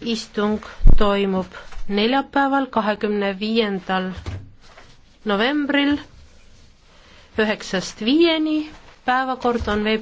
istung toimub neljapäeval, kahekümne viiendal novembril üheksast viieni. päevakord on veebi